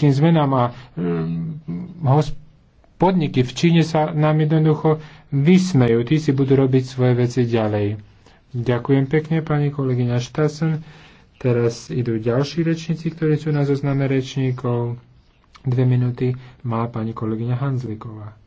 klimatickým zmenám a hm, podniky v Číne sa nám jednoducho vysmejú. Tí si budú robiť svoje veci ďalej. Ďakujem pekne, pani kolegyňa Štasen. Teraz idú ďalší rečníci, ktorí sú na zozname rečníkov. Dve minúty má pani kolegyňa Hanzliková.